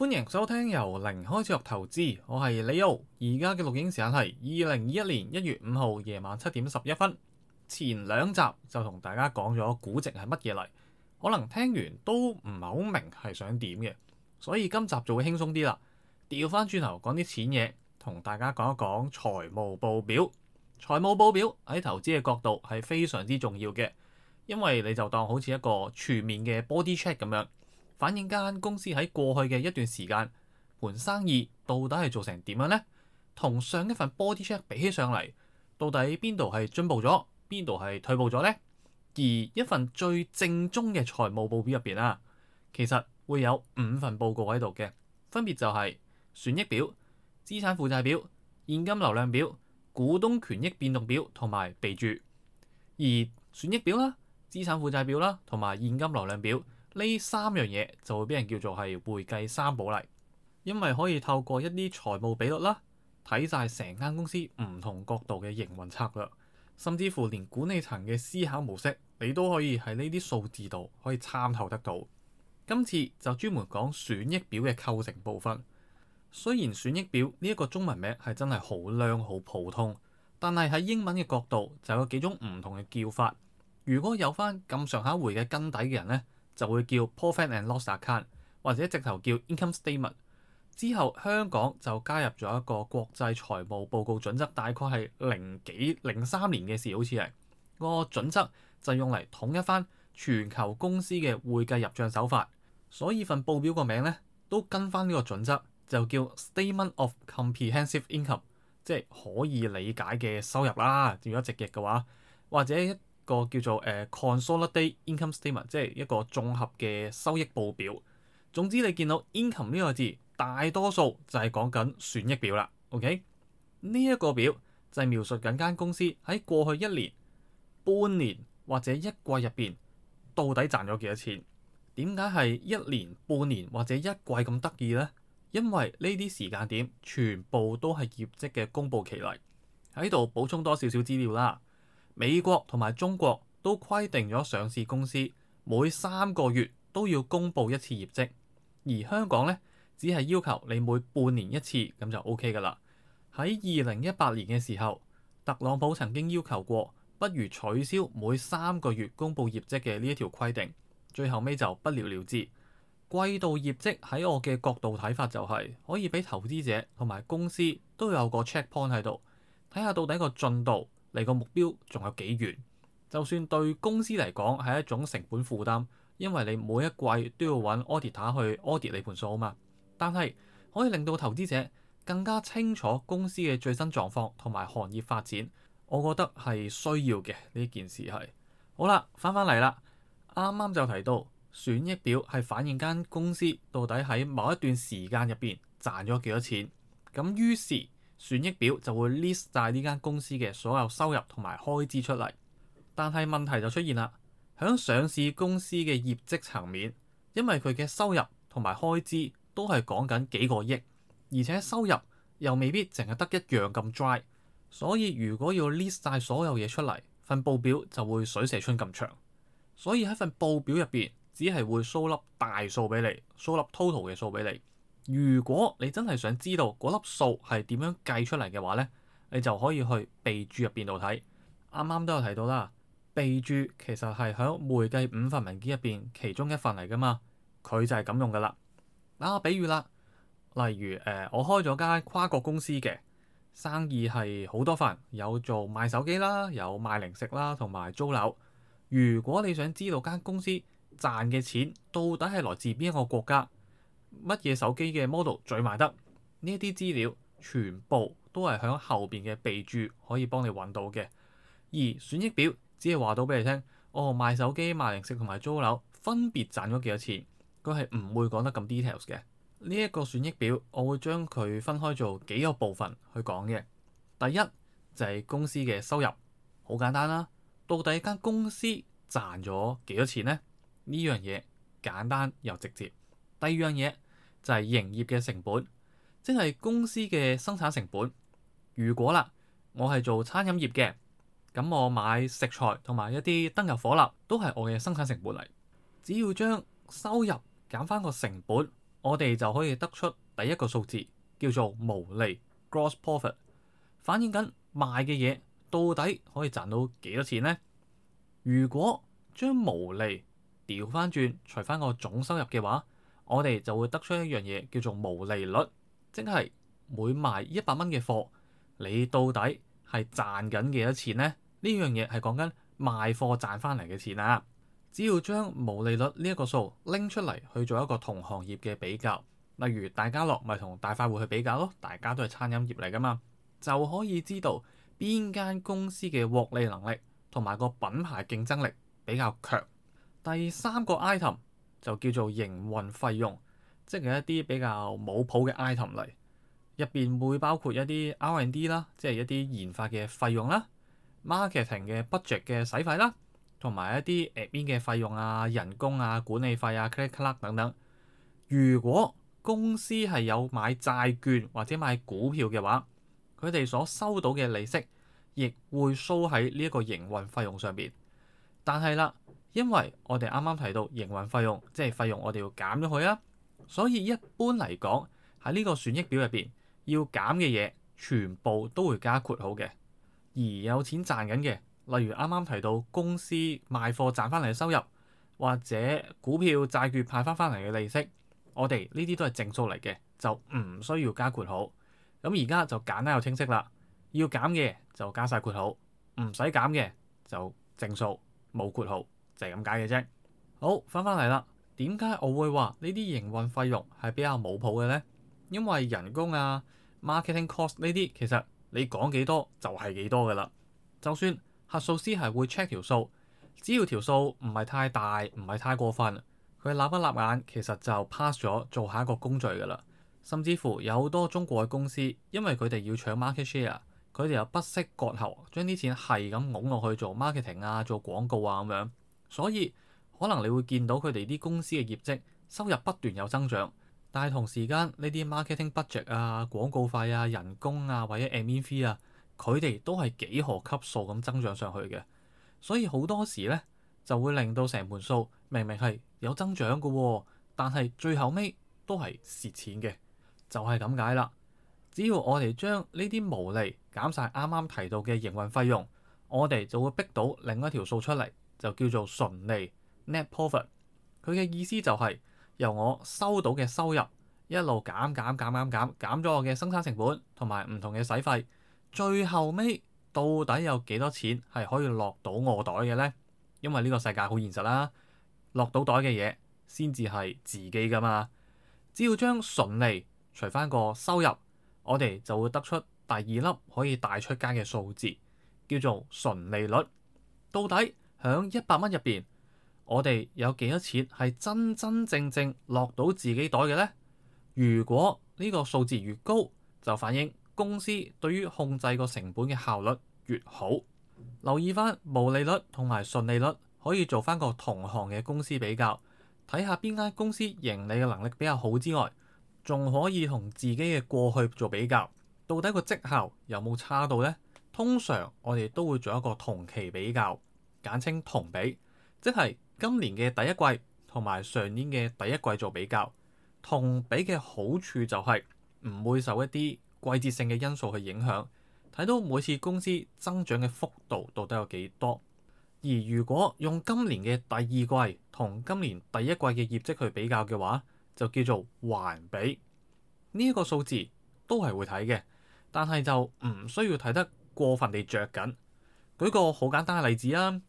歡迎收聽由零開始學投資，我係李奧，而家嘅錄影時間係二零二一年一月五號夜晚七點十一分。前兩集就同大家講咗估值係乜嘢嚟，可能聽完都唔係好明係想點嘅，所以今集就會輕鬆啲啦，調翻轉頭講啲淺嘢，同大家講一講財務報表。財務報表喺投資嘅角度係非常之重要嘅，因為你就當好似一個全面嘅 body check 咁樣。反映間公司喺過去嘅一段時間盤生意到底係做成點樣呢？同上一份 body check 比起上嚟，到底邊度係進步咗，邊度係退步咗呢？而一份最正宗嘅財務報表入邊啊，其實會有五份報告喺度嘅，分別就係損益表、資產負債表、現金流量表、股東權益變動表同埋備註。而損益表啦、資產負債表啦同埋現金流量表。呢三樣嘢就會俾人叫做係會計三寶嚟，因為可以透過一啲財務比率啦，睇晒成間公司唔同角度嘅營運策略，甚至乎連管理層嘅思考模式，你都可以喺呢啲數字度可以參透得到。今次就專門講損益表嘅構成部分。雖然損益表呢一個中文名係真係好靚好普通，但係喺英文嘅角度就有幾種唔同嘅叫法。如果有返咁上下回嘅根底嘅人咧，就會叫 Profit and Loss Account，或者直頭叫 Income Statement。之後香港就加入咗一個國際財務報告準則，大概係零幾零三年嘅事，好似係、個準則就用嚟統一翻全球公司嘅會計入賬手法，所以份報表個名咧都跟翻呢個準則，就叫 Statement of Comprehensive Income，即係可以理解嘅收入啦。如果直譯嘅話，或者一，一個叫做誒、uh, consolidate income statement，即係一個綜合嘅收益報表。總之你見到 income 呢個字，大多數就係講緊損益表啦。OK，呢一個表就係描述緊間公司喺過去一年、半年或者一季入邊到底賺咗幾多錢。點解係一年、半年或者一季咁得意呢？因為呢啲時間點全部都係業績嘅公佈期嚟。喺度補充多少少資料啦。美國同埋中國都規定咗上市公司每三個月都要公布一次業績，而香港咧只係要求你每半年一次，咁就 OK 㗎喇。喺二零一八年嘅時候，特朗普曾經要求過，不如取消每三個月公布業績嘅呢一條規定，最後尾就不了了之。季度業績喺我嘅角度睇法就係，可以俾投資者同埋公司都有個 check point 喺度，睇下到底個進度嚟個目標仲有幾遠？就算對公司嚟講係一種成本負擔，因為你每一季都要揾 auditor 去 audit 你盤數啊嘛。但係可以令到投資者更加清楚公司嘅最新狀況同埋行業發展，我覺得係需要嘅呢件事係。好啦，翻返嚟啦，啱啱就提到損益表係反映間公司到底喺某一段時間入邊賺咗幾多錢。咁於是。損益表就會 list 曬呢間公司嘅所有收入同埋開支出嚟，但係問題就出現啦。響上市公司嘅業績層面，因為佢嘅收入同埋開支都係講緊幾個億，而且收入又未必淨係得一樣咁 dry，所以如果要 list 曬所有嘢出嚟，份報表就會水蛇春咁長。所以喺份報表入邊，只係會 show 粒大數俾你，show 粒 total 嘅數俾你。如果你真係想知道嗰粒數係點樣計出嚟嘅話咧，你就可以去備註入邊度睇。啱啱都有提到啦，備註其實係喺會計五份文件入邊其中一份嚟噶嘛，佢就係咁用噶啦。打個比喻啦，例如誒、呃，我開咗間跨國公司嘅生意係好多份，有做賣手機啦，有賣零食啦，同埋租樓。如果你想知道間公司賺嘅錢到底係來自邊一個國家？乜嘢手機嘅 model 最賣得？呢一啲資料全部都係喺後邊嘅備註可以幫你揾到嘅。而損益表只係話到俾你聽，哦賣手機賣零食同埋租樓分別賺咗幾多錢，佢係唔會講得咁 details 嘅。呢一個損益表，我會將佢分開做幾個部分去講嘅。第一就係公司嘅收入，好簡單啦，到底間公司賺咗幾多錢呢？呢樣嘢簡單又直接。第二樣嘢。就係營業嘅成本，即係公司嘅生產成本。如果啦，我係做餐飲業嘅，咁我買食材同埋一啲燈油火蠟都係我嘅生產成本嚟。只要將收入減翻個成本，我哋就可以得出第一個數字，叫做毛利 （gross profit），反映緊賣嘅嘢到底可以賺到幾多錢呢？如果將毛利調翻轉，除翻個總收入嘅話，我哋就會得出一樣嘢叫做毛利率，即係每賣一百蚊嘅貨，你到底係賺緊幾多錢咧？呢樣嘢係講緊賣貨賺返嚟嘅錢啊！只要將毛利率呢一個數拎出嚟去做一個同行業嘅比較，例如大家樂咪同大快活去比較咯，大家都係餐飲業嚟㗎嘛，就可以知道邊間公司嘅獲利能力同埋個品牌競爭力比較強。第三個 item。就叫做營運費用，即係一啲比較冇譜嘅 item 嚟，入邊會包括一啲 R&D 啦，D，即係一啲研發嘅費用啦，marketing 嘅 budget 嘅使費啦，同埋一啲誒邊嘅費用啊、人工啊、管理費啊、click clack 等等。如果公司係有買債券或者買股票嘅話，佢哋所收到嘅利息，亦會收喺呢一個營運費用上邊。但係啦。因為我哋啱啱提到營運費用，即係費用，我哋要減咗佢啊。所以一般嚟講，喺呢個損益表入邊要減嘅嘢，全部都會加括號嘅。而有錢賺緊嘅，例如啱啱提到公司賣貨賺翻嚟嘅收入，或者股票債券派翻翻嚟嘅利息，我哋呢啲都係正數嚟嘅，就唔需要加括號。咁而家就簡單又清晰啦。要減嘅就加晒括號，唔使減嘅就正數冇括號。就係咁解嘅啫。好，翻翻嚟啦，點解我會話呢啲營運費用係比較冇譜嘅咧？因為人工啊、marketing cost 呢啲，其實你講幾多就係幾多噶啦。就算核數師係會 check 條數，只要條數唔係太大，唔係太過分，佢立一立眼其實就 pass 咗做下一個工序噶啦。甚至乎有好多中國嘅公司，因為佢哋要搶 market share，佢哋又不惜割喉，將啲錢係咁拱落去做 marketing 啊，做廣告啊咁樣。所以可能你會見到佢哋啲公司嘅業績收入不斷有增長，但係同時間呢啲 marketing budget 啊、廣告費啊、人工啊或者 admin fee 啊，佢哋都係幾何級數咁增長上去嘅。所以好多時咧就會令到成盤數明明係有增長嘅，但係最後尾都係蝕錢嘅，就係咁解啦。只要我哋將呢啲毛利減晒啱啱提到嘅營運費用，我哋就會逼到另一條數出嚟。就叫做純利 （net profit）。佢嘅意思就係由我收到嘅收入一路減減減減減減咗我嘅生產成本同埋唔同嘅使費，最後尾到底有幾多錢係可以落到我袋嘅呢？因為呢個世界好現實啦，落到袋嘅嘢先至係自己㗎嘛。只要將純利除返個收入，我哋就會得出第二粒可以帶出街嘅數字，叫做純利率。到底，喺一百蚊入邊，我哋有幾多錢係真真正正落到自己袋嘅呢？如果呢個數字越高，就反映公司對於控制個成本嘅效率越好。留意翻毛利率同埋純利率，可以做翻個同行嘅公司比較，睇下邊間公司盈利嘅能力比較好之外，仲可以同自己嘅過去做比較，到底個績效有冇差到呢？通常我哋都會做一個同期比較。簡稱同比，即係今年嘅第一季同埋上年嘅第一季做比較。同比嘅好處就係唔會受一啲季節性嘅因素去影響，睇到每次公司增長嘅幅度到底有幾多。而如果用今年嘅第二季同今年第一季嘅業績去比較嘅話，就叫做環比。呢一個數字都係會睇嘅，但係就唔需要睇得過分地着緊。舉個好簡單嘅例子啊。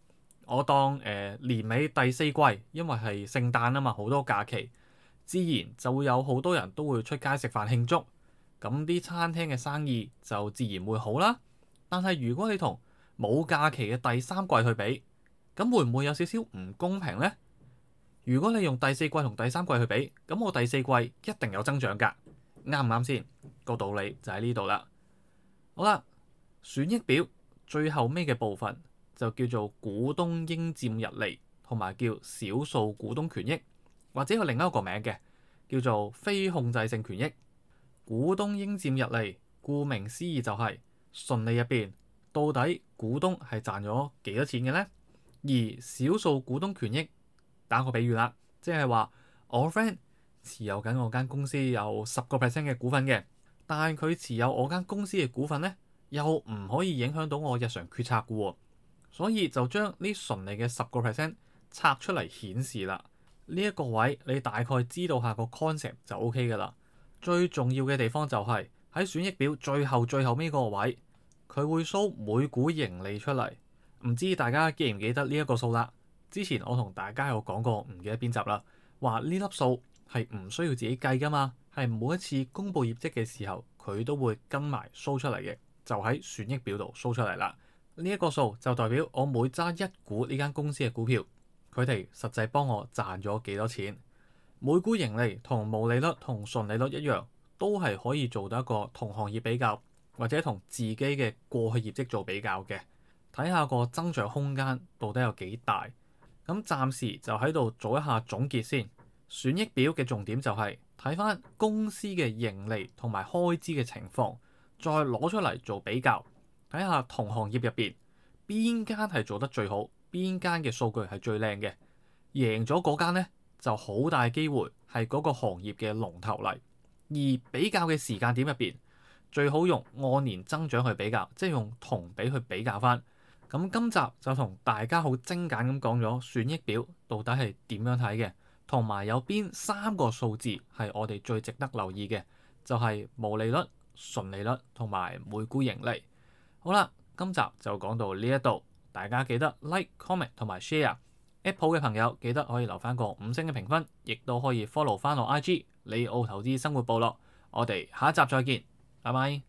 我當誒年尾第四季，因為係聖誕啊嘛，好多假期，自然就會有好多人都會出街食飯慶祝，咁啲餐廳嘅生意就自然會好啦。但係如果你同冇假期嘅第三季去比，咁會唔會有少少唔公平呢？如果你用第四季同第三季去比，咁我第四季一定有增長噶，啱唔啱先？個道理就喺呢度啦。好啦，損益表最後尾嘅部分。就叫做股東應佔溢利，同埋叫少數股東權益，或者有另一個名嘅叫做非控制性權益。股東應佔溢利，顧名思義就係溢利入邊到底股東係賺咗幾多錢嘅呢？而少數股東權益打個比喻啦，即係話我 friend 持有緊我間公司有十個 percent 嘅股份嘅，但係佢持有我間公司嘅股份呢，又唔可以影響到我日常決策嘅喎。所以就將呢純利嘅十個 percent 拆出嚟顯示啦。呢一個位你大概知道下個 concept 就 OK 噶啦。最重要嘅地方就係喺損益表最後最後尾個位，佢會 show 每股盈利出嚟。唔知大家記唔記得呢一個數啦？之前我同大家有講過，唔記得邊集啦，話呢粒數係唔需要自己計噶嘛，係每一次公布業績嘅時候，佢都會跟埋 show 出嚟嘅，就喺損益表度 show 出嚟啦。呢一個數就代表我每揸一股呢間公司嘅股票，佢哋實際幫我賺咗幾多錢？每股盈利同毛利率同純利率一樣，都係可以做到一個同行業比較，或者同自己嘅過去業績做比較嘅，睇下個增長空間到底有幾大。咁暫時就喺度做一下總結先。損益表嘅重點就係睇翻公司嘅盈利同埋開支嘅情況，再攞出嚟做比較。睇下同行業入邊邊間係做得最好，邊間嘅數據係最靚嘅，贏咗嗰間咧就好大機會係嗰個行業嘅龍頭嚟。而比較嘅時間點入邊最好用按年增長去比較，即係用同比去比較翻。咁今集就同大家好精簡咁講咗損益表到底係點樣睇嘅，同埋有邊三個數字係我哋最值得留意嘅，就係、是、毛利率、純利率同埋每股盈利。好啦，今集就講到呢一度，大家記得 like、comment 同埋 share。Apple 嘅朋友記得可以留翻個五星嘅評分，亦都可以 follow 翻我 IG 李奧投資生活部落。我哋下一集再見，拜拜。